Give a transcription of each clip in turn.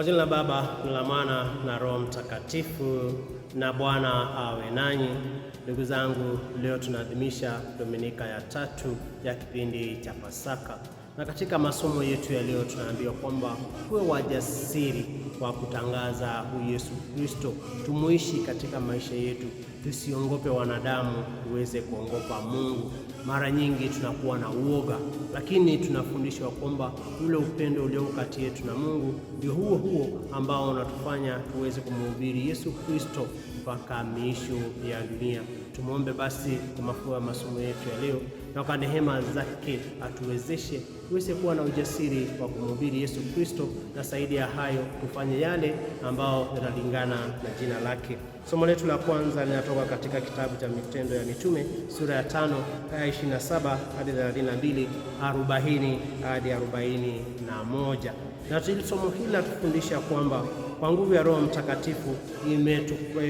Kwa jina la Baba na la Mwana na Roho Mtakatifu, na Bwana awe nanyi. Ndugu zangu, leo tunaadhimisha Dominika ya tatu ya kipindi cha Pasaka. Na katika masomo yetu ya leo tunaambiwa kwamba kuwe wajasiri wa kutangaza huyu Yesu Kristo, tumuishi katika maisha yetu, tusiongope wanadamu, tuweze kuongopa Mungu. Mara nyingi tunakuwa na uoga, lakini tunafundishwa kwamba ule upendo ulioko kati yetu na Mungu ndio huo huo ambao unatufanya tuweze kumhubiri Yesu Kristo mpaka miisho ya dunia. Tumwombe basi kwa mafua ya masomo yetu ya leo, na kwa neema zake atuwezeshe tuweze kuwa na ujasiri wa kumhubiri Yesu Kristo, na zaidi ya hayo tufanye yale ambayo yanalingana na jina lake. Somo letu la kwanza linatoka katika kitabu cha Matendo ya Mitume sura ya tano aya 27 hadi 32, 40 hadi 41, na somo hili linatufundisha kwamba kwa nguvu ya Roho Mtakatifu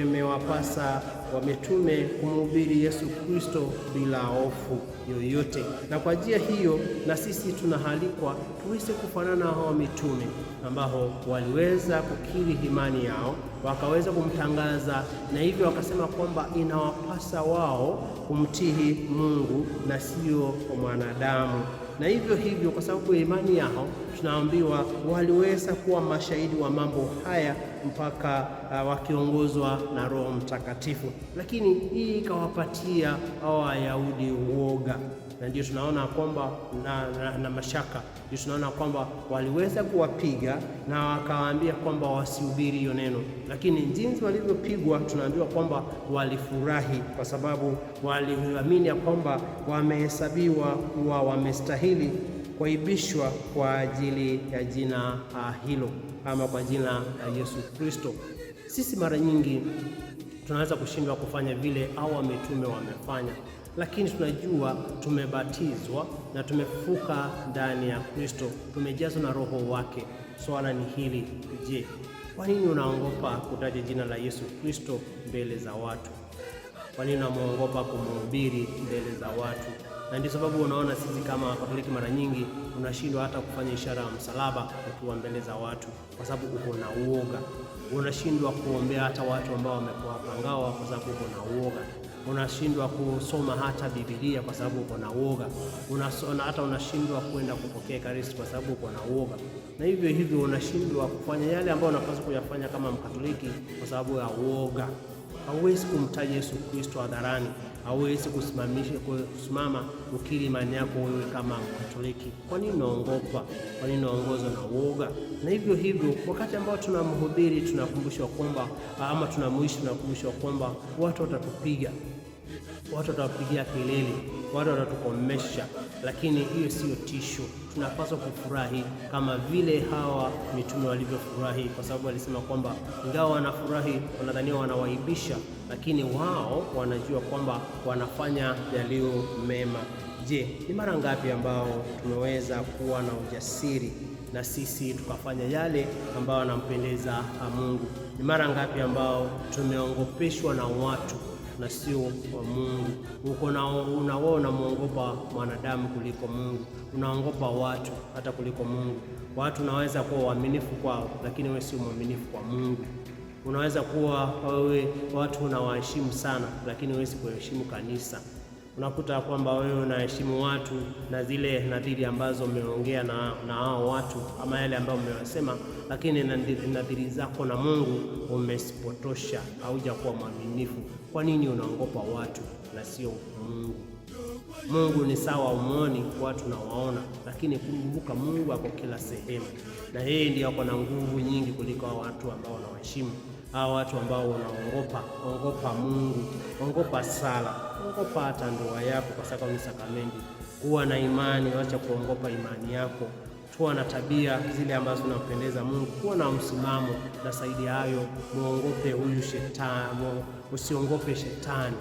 imewapasa wametume kumhubiri Yesu Kristo bila hofu yoyote. Na kwa njia hiyo, na sisi tunahalikwa tuweze kufanana na hao mitume ambao waliweza kukiri imani yao, wakaweza kumtangaza, na hivyo wakasema kwamba inawapasa wao kumtihi Mungu na sio mwanadamu na hivyo hivyo, kwa sababu ya imani yao tunaambiwa waliweza kuwa mashahidi wa mambo haya mpaka uh, wakiongozwa na Roho Mtakatifu. Lakini hii ikawapatia hao Wayahudi uoga na ndio tunaona kwamba na, na, na mashaka ndio tunaona kwamba waliweza kuwapiga na wakawaambia kwamba wasihubiri hiyo neno, lakini jinsi walivyopigwa tunaambiwa kwamba walifurahi kwa sababu waliamini ya kwamba wamehesabiwa kuwa wamestahili kuaibishwa kwa ajili ya jina uh, hilo ama kwa jina la uh, Yesu Kristo. Sisi mara nyingi tunaweza kushindwa kufanya vile au wametume wamefanya lakini tunajua tumebatizwa na tumefufuka ndani ya Kristo, tumejazwa na roho wake. Swala ni hili, je, kwa nini unaogopa kutaja jina la Yesu Kristo mbele za watu? Kwa nini unamwogopa kumhubiri mbele za watu? Na ndio sababu unaona sisi kama Katoliki mara nyingi unashindwa hata kufanya ishara ya msalaba ukiwa mbele za watu, kwa sababu uko na uoga. Unashindwa kuombea hata watu ambao wamekuwa pangawa, kwa sababu uko na uoga unashindwa kusoma hata Biblia kwa sababu uko na uoga, hata unashindwa kwenda kupokea Ekaristi kwa sababu uko na uoga, na hivyo hivyo unashindwa kufanya yale ambayo unapaswa kuyafanya kama Mkatoliki kwa sababu ya uoga hauwezi kumtaja Yesu Kristo hadharani, hauwezi kusimamisha kusimama ukiri imani yako wewe kama Katoliki. Kwa nini unaongopa? Kwa nini unaongozwa na uoga? Na hivyo hivyo, wakati ambao tunamhubiri tunakumbushwa kwamba ama tunamuishi tunakumbushwa kwamba watu watatupiga, watu watatupigia kelele, watu watatukomesha, lakini hiyo siyo tisho tunapaswa kufurahi kama vile hawa mitume walivyofurahi, kwa sababu walisema kwamba ingawa wanafurahi, wanadhania wanawaibisha, lakini wao wanajua kwamba wanafanya yaliyo mema. Je, ni mara ngapi ambao tumeweza kuwa na ujasiri na sisi tukafanya yale ambayo anampendeza Mungu? Ni mara ngapi ambao tumeongopeshwa na watu na sio wa Mungu. Uko unawe unamwogopa mwanadamu kuliko Mungu, unaogopa watu hata kuliko Mungu. Watu unaweza kuwa waaminifu kwao, lakini wewe sio mwaminifu kwa Mungu. Unaweza kuwa wewe watu unawaheshimu sana, lakini huwezi kuheshimu kanisa. Unakuta kwamba wewe unaheshimu watu na zile nadhiri ambazo umeongea na na hao watu ama yale ambayo umewasema, lakini nadhiri zako na Mungu umesipotosha, haujakuwa mwaminifu. Kwa nini unaogopa watu na sio Mungu? Mungu ni sawa umoni watu waona, lakini kumbuka Mungu ako kila sehemu, na yeye ndiye ako na nguvu nyingi kuliko hao watu ambao wanawaheshimu. Hao watu ambao wanaogopa, ogopa Mungu, ogopa sala, ogopa hata ndoa yako, kwa sababu ni sakramenti. Kuwa na imani, acha kuogopa imani yako kuwa na tabia zile ambazo zinampendeza Mungu, kuwa na msimamo, na zaidi hayo muongope huyu shetani, usiongope shetani,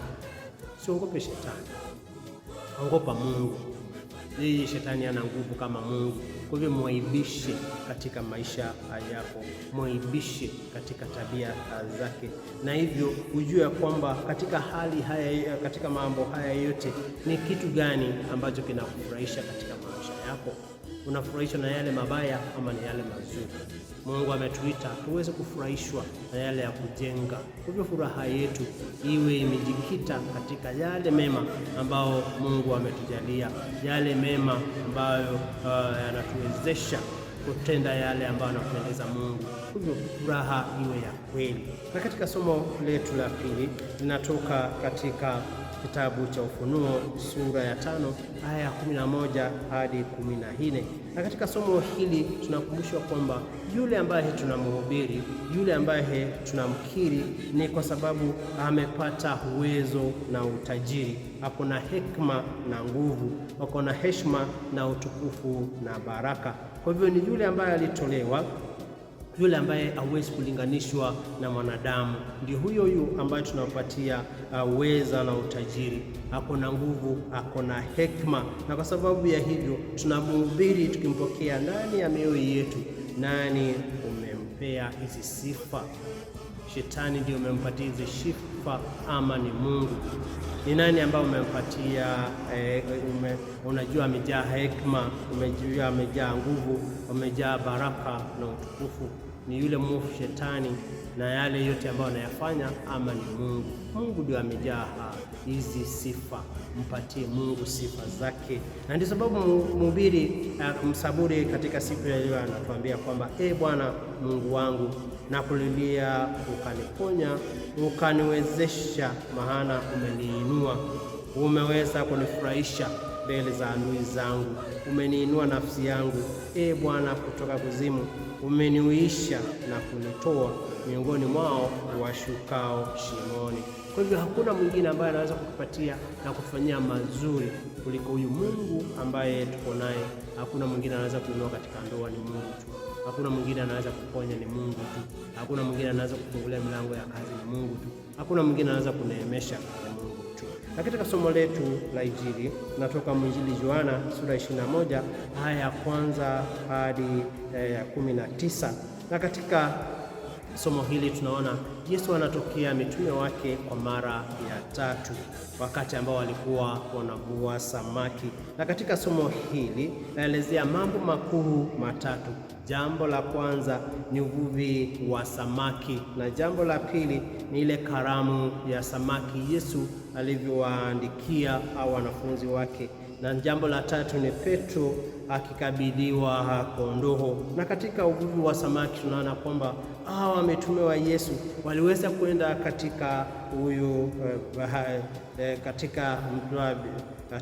usiongope shetani, ongopa Mungu. Yeye shetani ana nguvu kama Mungu. Kwa hivyo mwaibishe katika maisha yako, mwaibishe katika tabia zake, na hivyo ujue kwamba katika hali haya, katika mambo haya yote, ni kitu gani ambacho kinakufurahisha katika maisha yako unafurahishwa na yale mabaya ama ni yale mazuri. Mungu ametuita tuweze kufurahishwa na yale ya kujenga. Kwa hivyo furaha yetu iwe imejikita katika yale mema ambayo Mungu ametujalia, yale mema ambayo uh, yanatuwezesha kutenda yale ambayo anapendeza Mungu. Hivyo furaha iwe ya kweli. Na katika somo letu la pili linatoka katika kitabu cha Ufunuo sura ya tano aya ya kumi na moja hadi kumi na nne. Na katika somo hili tunakumbushwa kwamba yule ambaye tunamhubiri, yule ambaye tunamkiri ni kwa sababu amepata uwezo na utajiri, ako na hekima na nguvu, ako na heshima na utukufu na baraka. Kwa hivyo ni yule ambaye alitolewa yule ambaye hawezi kulinganishwa na mwanadamu, ndio huyo huyo ambaye tunapatia uh, uweza na utajiri. Ako na nguvu, ako na hekima, na kwa sababu ya hivyo tunamhubiri tukimpokea ndani ya mioyo yetu. Nani umempea hizi sifa? Shetani ndio umempatia hizi sifa ama ni Mungu? Ni nani ambaye umempatia eh? ume, unajua amejaa hekima, umejua amejaa nguvu, amejaa baraka na utukufu ni yule mwovu shetani na yale yote ambayo anayafanya, ama ni Mungu. Mungu ndio amejaa hizi sifa. Mpatie Mungu sifa zake, na ndio sababu mhubiri eh, msaburi katika siku ya leo anatuambia kwamba e Bwana Mungu wangu, nakulilia ukaniponya, ukaniwezesha, maana umeniinua, umeweza kunifurahisha mbele za adui zangu. Umeniinua nafsi yangu, e Bwana, kutoka kuzimu, umeniuisha na kunitoa miongoni mwao washukao shimoni. Kwa hivyo hakuna mwingine ambaye anaweza kukupatia na kufanyia mazuri kuliko huyu Mungu ambaye tuko naye. Hakuna mwingine anaweza kuinua katika ndoa, ni Mungu tu. Hakuna mwingine anaweza kuponya, ni Mungu tu. Hakuna mwingine anaweza kufungulia milango ya kazi, ni Mungu tu. Hakuna mwingine anaweza kuneemesha na katika somo letu la Injili natoka mwinjili Yohana sura 21 aya ya kwanza hadi eh, ya kumi na tisa. Na katika somo hili tunaona Yesu anatokea mitume wake kwa mara ya tatu, wakati ambao walikuwa wanavua samaki. Na katika somo hili naelezea mambo makuu matatu. Jambo la kwanza ni uvuvi wa samaki, na jambo la pili ni ile karamu ya samaki Yesu alivyowaandikia au wanafunzi wake. Na jambo la tatu ni Petro akikabidhiwa kondoo. Na katika uvuvi wa samaki tunaona kwamba hawa wametumiwa Yesu waliweza kwenda katika huyu eh, eh, katika mtwabi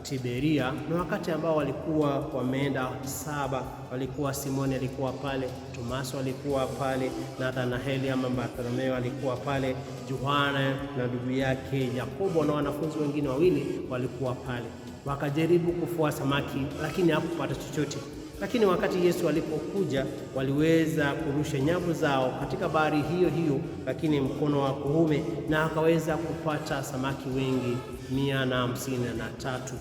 Tiberia na wakati ambao walikuwa wameenda saba, walikuwa Simoni alikuwa pale, Tomaso alikuwa pale, Nathanaeli ama Bartholomeo alikuwa pale, Yohana na ndugu yake Yakobo na wanafunzi wengine wawili walikuwa pale. Wakajaribu kufua samaki, lakini hakupata chochote. Lakini wakati Yesu alipokuja, waliweza kurusha nyavu zao katika bahari hiyo hiyo, lakini mkono wa kuume, na akaweza kupata samaki wengi mia na hamsini na tatu.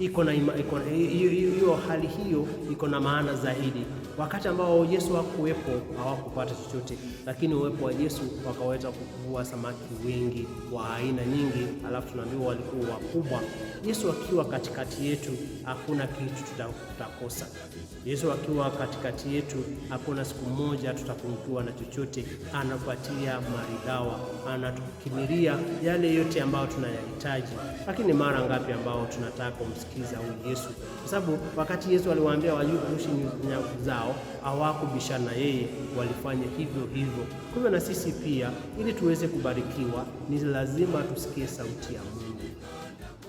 Iko na hiyo hali hiyo iko na maana zaidi. Wakati ambao Yesu hakuwepo hawakupata chochote, lakini uwepo wa Yesu wakaweza kuvua samaki wengi wa aina nyingi, alafu tunaambiwa walikuwa wakubwa. Yesu akiwa katikati yetu hakuna kitu tutakosa. Yesu akiwa katikati yetu, hakuna siku moja tutapungukiwa na chochote. Anapatia maridhawa, anatukimilia yale yote ambayo tunayahitaji. Lakini mara ngapi ambao tunataka kumsikiza huyu Yesu? Kwa sababu wakati Yesu aliwaambia Wayahudi warushe nyavu zao, hawakubishana yeye, walifanya hivyo hivyo. Kwa hivyo na sisi pia, ili tuweze kubarikiwa, ni lazima tusikie sauti ya Mungu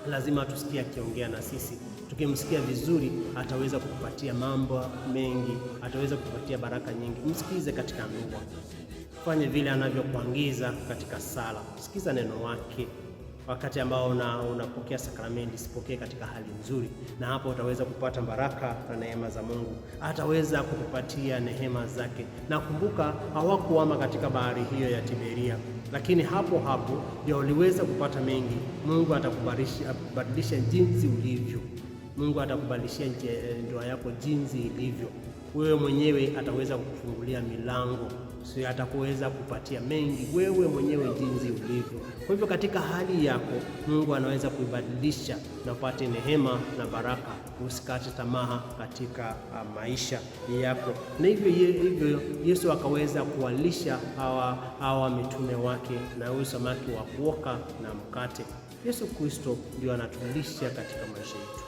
lazima tusikie akiongea na sisi. Tukimsikia vizuri, ataweza kukupatia mambo mengi, ataweza kukupatia baraka nyingi. Msikize katika ndoa, fanye vile anavyokuangiza katika sala, sikiza neno wake. Wakati ambao unapokea una sakramenti, sipokee katika hali nzuri, na hapo utaweza kupata baraka na neema za Mungu. Ataweza kukupatia nehema zake, na kumbuka, hawakuama katika bahari hiyo ya Tiberia lakini hapo hapo ndio uliweza kupata mengi. Mungu atakubadilisha jinsi ulivyo. Mungu atakubadilishia eh, ndoa yako jinsi ilivyo, wewe mwenyewe ataweza kukufungulia milango si atakuweza kupatia mengi wewe mwenyewe jinsi ulivyo. Kwa hivyo katika hali yako Mungu anaweza kuibadilisha na upate neema na baraka. Usikate tamaa katika ah, maisha yako, na hivyo hivyo Yesu akaweza kuwalisha hawa hawa mitume wake na huyu samaki wa kuoka na mkate. Yesu Kristo ndio anatulisha katika maisha yetu,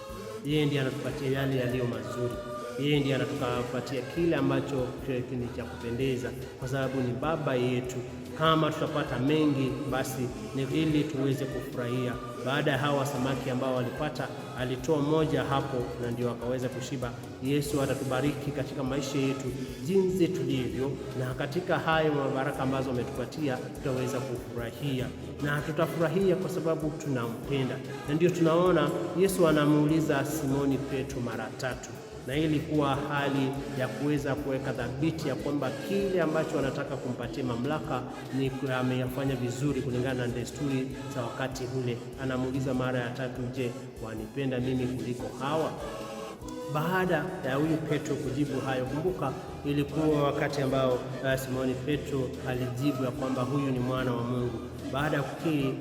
yeye ndiye anatupatia yale yaliyo mazuri. Yeye ndiye anatukapatia kile ambacho ni cha kupendeza, kwa sababu ni baba yetu. Kama tutapata mengi, basi ni ili tuweze kufurahia. Baada ya hawa samaki ambao walipata, alitoa moja hapo na ndio akaweza kushiba. Yesu atatubariki katika maisha yetu jinsi tulivyo, na katika hayo mabaraka ambazo ametupatia tutaweza kufurahia, na tutafurahia kwa sababu tunampenda, na ndio tunaona Yesu anamuuliza Simoni Petro mara tatu na ili kuwa hali ya kuweza kuweka dhabiti ya kwamba kile ambacho anataka kumpatia mamlaka ni ameyafanya vizuri kulingana na desturi za wakati ule. Anamuuliza mara ya tatu, je, wanipenda mimi kuliko hawa? Baada ya huyu Petro kujibu hayo, kumbuka, ilikuwa wakati ambao uh, Simoni Petro alijibu ya kwamba huyu ni mwana wa Mungu. Baada ya kukiri,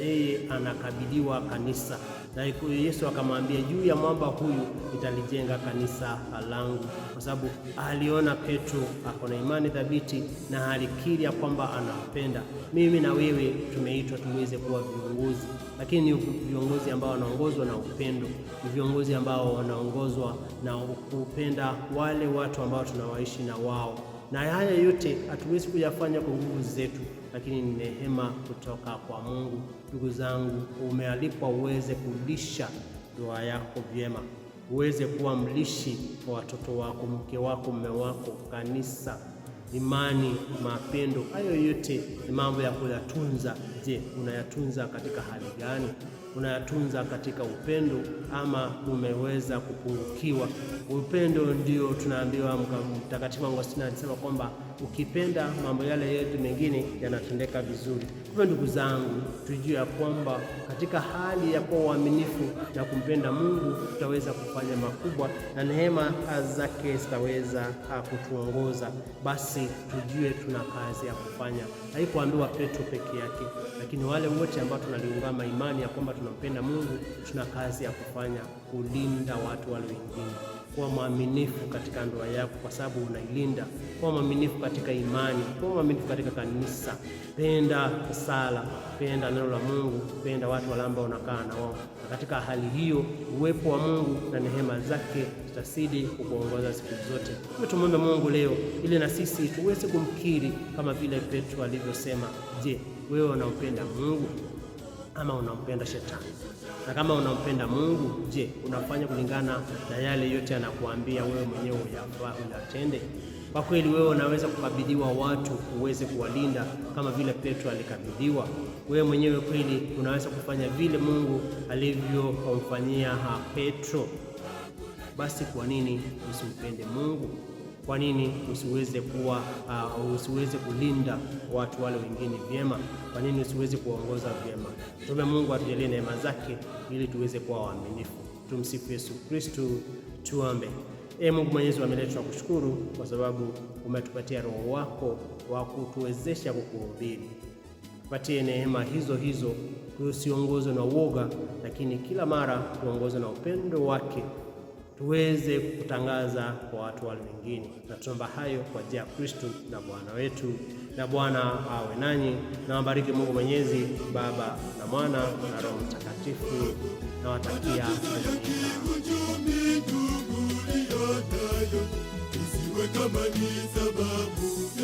yeye anakabidhiwa kanisa na Yesu akamwambia, juu ya mwamba huyu nitalijenga kanisa langu, kwa sababu aliona Petro ako na imani thabiti na alikiri ya kwamba anampenda. Mimi na wewe tumeitwa tuweze kuwa viongozi, lakini ni viongozi ambao wanaongozwa na upendo, ni viongozi ambao wanaongozwa na kupenda wale watu ambao tunawaishi na wao na haya yote hatuwezi kuyafanya kwa nguvu zetu, lakini ni neema kutoka kwa Mungu ndugu zangu, umealikwa uweze kulisha ndoa yako vyema, uweze kuwa mlishi kwa watoto wako, mke wako, mume wako, kanisa, imani, mapendo. Hayo yote ni mambo ya kuyatunza. Je, unayatunza katika hali gani? Unayatunza katika upendo ama umeweza kupungukiwa? Upendo ndio tunaambiwa, Mtakatifu Agostino alisema kwamba ukipenda mambo yale yetu mengine yanatendeka vizuri. Hivyo ndugu zangu, tujue ya kwamba katika hali ya kuwa uaminifu na kumpenda Mungu tutaweza kufanya makubwa na neema zake zitaweza ah, kutuongoza. Basi tujue tuna kazi ya kufanya. Haikuambiwa Petro peke yake, lakini wale wote ambao tunaliungama imani ya kwamba tunampenda Mungu, tuna kazi ya kufanya, kulinda watu wale wengine kuwa mwaminifu katika ndoa yako, kwa sababu unailinda. Kuwa mwaminifu katika imani, kuwa mwaminifu katika kanisa. Penda sala, penda neno la Mungu, penda watu wale ambao unakaa na wao, na katika hali hiyo uwepo wa Mungu na neema zake zitasidi kukuongoza siku zote. Hivyo tumwombe Mungu leo ili na sisi tuweze kumkiri kama vile Petro alivyosema. Je, wewe unampenda Mungu ama unampenda Shetani? Na kama unampenda Mungu, je, unafanya kulingana na yale yote anakuambia wewe mwenyewe uyafaa uyatende? Kwa kweli wewe unaweza kukabidhiwa watu uweze kuwalinda kama vile Petro alikabidhiwa. Wewe mwenyewe kweli unaweza kufanya vile Mungu alivyomfanyia Petro? Basi kwa nini usimpende Mungu? kwa nini usiweze kuwa uh, usiweze kulinda watu wale wengine vyema? Kwa nini usiweze kuongoza vyema? tume Mungu atujalie neema zake ili tuweze kuwa waaminifu. Tumsifu Yesu Kristo. Tuombe. Ee Mungu Mwenyezi, wameletwa kushukuru kwa sababu umetupatia Roho wako wa kutuwezesha kukuhubiri. Tupatie neema hizo hizo, tusiongozwe na uoga, lakini kila mara tuongozwe na upendo wake tuweze kutangaza kwa watu wale wengine, na tunaomba hayo kwa njia ya Kristo na Bwana wetu. Na Bwana awe nanyi na wabariki Mungu Mwenyezi, Baba na Mwana na Roho Mtakatifu, na watakia isiwe kama ni sababu